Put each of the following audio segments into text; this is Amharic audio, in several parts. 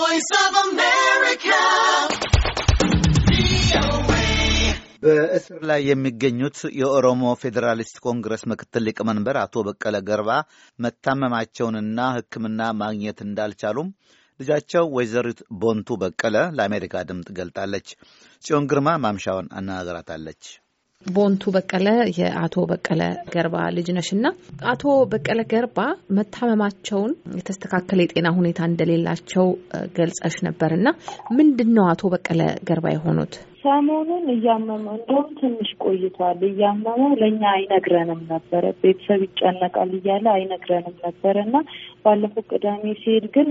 ቮይስ ኦፍ አሜሪካ በእስር ላይ የሚገኙት የኦሮሞ ፌዴራሊስት ኮንግረስ ምክትል ሊቀመንበር አቶ በቀለ ገርባ መታመማቸውንና ሕክምና ማግኘት እንዳልቻሉም ልጃቸው ወይዘሪት ቦንቱ በቀለ ለአሜሪካ ድምፅ ገልጣለች። ጽዮን ግርማ ማምሻውን አነጋግራታለች። ቦንቱ በቀለ የአቶ በቀለ ገርባ ልጅ ነሽ እና አቶ በቀለ ገርባ መታመማቸውን የተስተካከለ የጤና ሁኔታ እንደሌላቸው ገልጸሽ ነበር እና ምንድን ነው አቶ በቀለ ገርባ የሆኑት? ሰሞኑን እያመመ እንደውም ትንሽ ቆይቷል። እያመመ ለእኛ አይነግረንም ነበረ። ቤተሰብ ይጨነቃል እያለ አይነግረንም ነበረ እና ባለፈው ቅዳሜ ሲሄድ ግን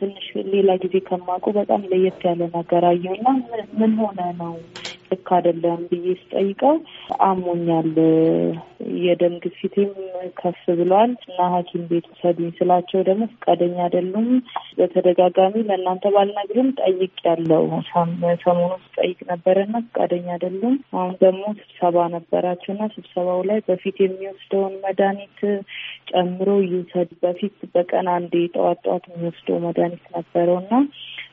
ትንሽ ሌላ ጊዜ ከማውቀው በጣም ለየት ያለ ነገር አየውና ምን ሆነ ነው ልክ አይደለም ብዬ ስጠይቀው አሞኛል፣ የደም ግፊቴም ከፍ ብሏል እና ሐኪም ቤት ውሰዱኝ ስላቸው ደግሞ ፈቃደኛ አይደሉም። በተደጋጋሚ ለእናንተ ባልነግርም ጠይቅ ያለው ሰሞኑ ስጠይቅ ነበረ ነበረና ፈቃደኛ አይደሉም። አሁን ደግሞ ስብሰባ ነበራቸው እና ስብሰባው ላይ በፊት የሚወስደውን መድኃኒት ጨምሮ ይውሰድ። በፊት በቀን አንዴ ጠዋት ጠዋት የሚወስደው መድኃኒት ነበረውና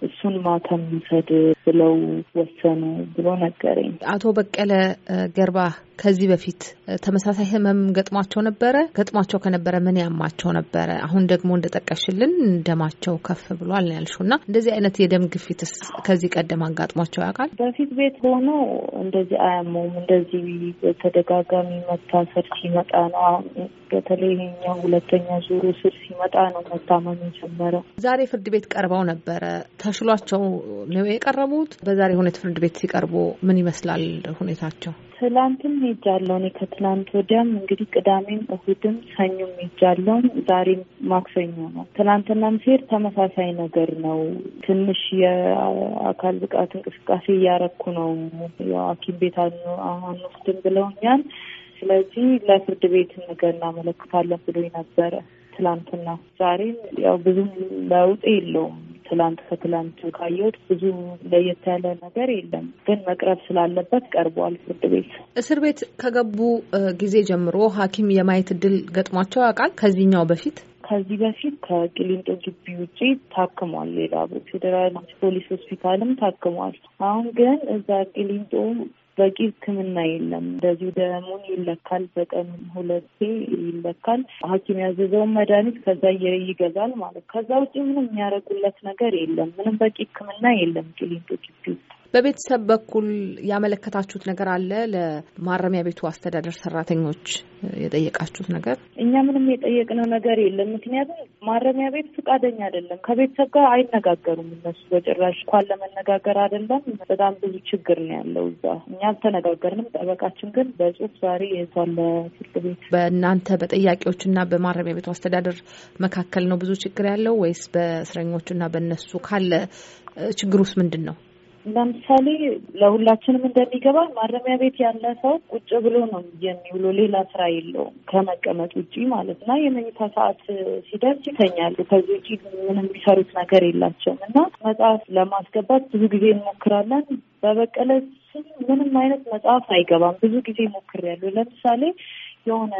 እሱን ማታ ይውሰድ ብለው ወሰኑ ብሎ ነገረኝ። አቶ በቀለ ገርባ ከዚህ በፊት ተመሳሳይ ህመም ገጥሟቸው ነበረ። ገጥሟቸው ከነበረ ምን ያማቸው ነበረ? አሁን ደግሞ እንደጠቀሽልን ደማቸው ከፍ ብሏል ያልሽው እና እንደዚህ አይነት የደም ግፊትስ ከዚህ ቀደም አጋጥሟቸው ያውቃል? በፊት ቤት ሆኖ እንደዚህ አያመውም። እንደዚህ ተደጋጋሚ መታሰር ሲመጣ ነው። አሁን በተለይ ይሄኛው ሁለተኛ ዙሩ ስር ሲመጣ ነው መታመም የጀመረው። ዛሬ ፍርድ ቤት ቀርበው ነበረ። ተሽሏቸው ነው የቀረቡ የቀረቡት? በዛሬ ሁኔታ ፍርድ ቤት ሲቀርቡ ምን ይመስላል ሁኔታቸው? ትላንትም ሄጃለሁ። እኔ ከትላንት ወዲያም እንግዲህ ቅዳሜም፣ እሁድም፣ ሰኞም ሄጃለሁ። ዛሬም ማክሰኞ ነው። ትላንትናም ሲሄድ ተመሳሳይ ነገር ነው። ትንሽ የአካል ብቃት እንቅስቃሴ እያረኩ ነው። ያው ሐኪም ቤት አንወስድም ብለውኛል። ስለዚህ ለፍርድ ቤት ነገር እናመለክታለን ብሎ ነበረ ትላንትና። ዛሬም ያው ብዙም ለውጥ የለውም ትላንት ከትላንት ካየሁት ብዙ ለየት ያለ ነገር የለም፣ ግን መቅረብ ስላለበት ቀርቧል ፍርድ ቤት። እስር ቤት ከገቡ ጊዜ ጀምሮ ሐኪም የማየት እድል ገጥሟቸው ያውቃል? ከዚህኛው በፊት ከዚህ በፊት ከቅሊንጦ ግቢ ውጪ ታክሟል። ሌላ ፌዴራል ፖሊስ ሆስፒታልም ታክሟል። አሁን ግን እዛ ቅሊንጦ በቂ ሕክምና የለም። እንደዚሁ ደሙን ይለካል፣ በቀን ሁለቴ ይለካል። ሐኪም ያዘዘውን መድኃኒት ከዛ ይገዛል ማለት ከዛ ውጭ ምንም የሚያደርጉለት ነገር የለም። ምንም በቂ ሕክምና የለም ቂሊንጦ ግቢ ውስጥ በቤተሰብ በኩል ያመለከታችሁት ነገር አለ? ለማረሚያ ቤቱ አስተዳደር ሰራተኞች የጠየቃችሁት ነገር? እኛ ምንም የጠየቅነው ነገር የለም። ምክንያቱም ማረሚያ ቤት ፈቃደኛ አይደለም። ከቤተሰብ ጋር አይነጋገሩም እነሱ በጭራሽ። እንኳን ለመነጋገር አይደለም በጣም ብዙ ችግር ነው ያለው እዛ። እኛ አልተነጋገርንም። ጠበቃችን ግን በጽሁፍ ዛሬ የቷለ ፍርድ ቤት በእናንተ በጠያቂዎች በማረሚያ ቤቱ አስተዳደር መካከል ነው ብዙ ችግር ያለው ወይስ በእስረኞች እና በእነሱ ካለ ችግር ውስጥ ምንድን ነው? ለምሳሌ ለሁላችንም እንደሚገባ ማረሚያ ቤት ያለ ሰው ቁጭ ብሎ ነው የሚውለው። ሌላ ስራ የለውም ከመቀመጥ ውጭ ማለት እና የመኝታ ሰዓት ሲደርስ ይተኛሉ። ከዚህ ውጭ ምን የሚሰሩት ነገር የላቸውም እና መጽሐፍ ለማስገባት ብዙ ጊዜ እንሞክራለን። በበቀለ ስም ምንም አይነት መጽሐፍ አይገባም። ብዙ ጊዜ ሞክሬያለሁ። ለምሳሌ የሆነ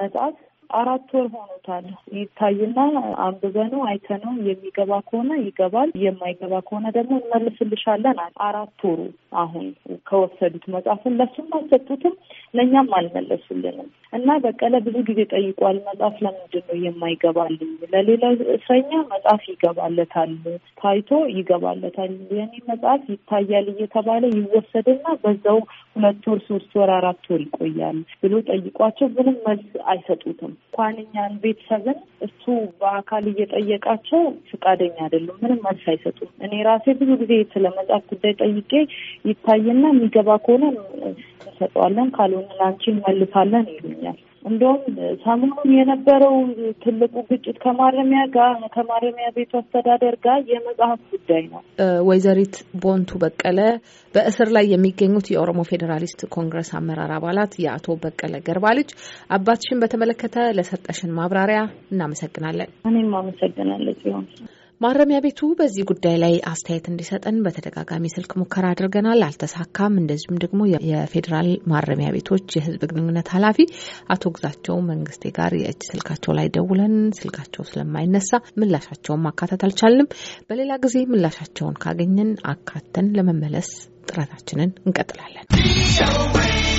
መጽሐፍ አራት ወር ሆኖታል። ይታይና አንብበነው አይተነው የሚገባ ከሆነ ይገባል፣ የማይገባ ከሆነ ደግሞ እንመልስልሻለን። አራት ወሩ አሁን ከወሰዱት መጽሐፍን ለሱም አልሰጡትም ለእኛም አልመለሱልንም እና በቀለ ብዙ ጊዜ ጠይቋል። መጽሐፍ ለምንድን ነው የማይገባልኝ? ለሌላ እስረኛ መጽሐፍ ይገባለታል፣ ታይቶ ይገባለታል። የኔ መጽሐፍ ይታያል እየተባለ ይወሰድና በዛው ሁለት ወር ሶስት ወር አራት ወር ይቆያል ብሎ ጠይቋቸው ምንም መልስ አይሰጡትም። እንኳን እኛን ቤተሰብን እሱ በአካል እየጠየቃቸው ፍቃደኛ አይደሉም። ምንም መልስ አይሰጡም። እኔ ራሴ ብዙ ጊዜ ስለ መጽሐፍ ጉዳይ ጠይቄ ይታይና የሚገባ ከሆነ እንሰጠዋለን፣ ካልሆነ ለአንቺ እንመልሳለን ይሉኛል። እንደውም ሰሞኑን የነበረው ትልቁ ግጭት ከማረሚያ ጋር ከማረሚያ ቤቱ አስተዳደር ጋር የመጽሐፍ ጉዳይ ነው። ወይዘሪት ቦንቱ በቀለ በእስር ላይ የሚገኙት የኦሮሞ ፌዴራሊስት ኮንግረስ አመራር አባላት የአቶ በቀለ ገርባ ልጅ አባትሽን በተመለከተ ለሰጠሽን ማብራሪያ እናመሰግናለን። እኔም አመሰግናለሁ ሲሆን ማረሚያ ቤቱ በዚህ ጉዳይ ላይ አስተያየት እንዲሰጠን በተደጋጋሚ ስልክ ሙከራ አድርገናል፣ አልተሳካም። እንደዚሁም ደግሞ የፌዴራል ማረሚያ ቤቶች የሕዝብ ግንኙነት ኃላፊ አቶ ግዛቸው መንግስቴ ጋር የእጅ ስልካቸው ላይ ደውለን ስልካቸው ስለማይነሳ ምላሻቸውን ማካተት አልቻልንም። በሌላ ጊዜ ምላሻቸውን ካገኘን አካተን ለመመለስ ጥረታችንን እንቀጥላለን።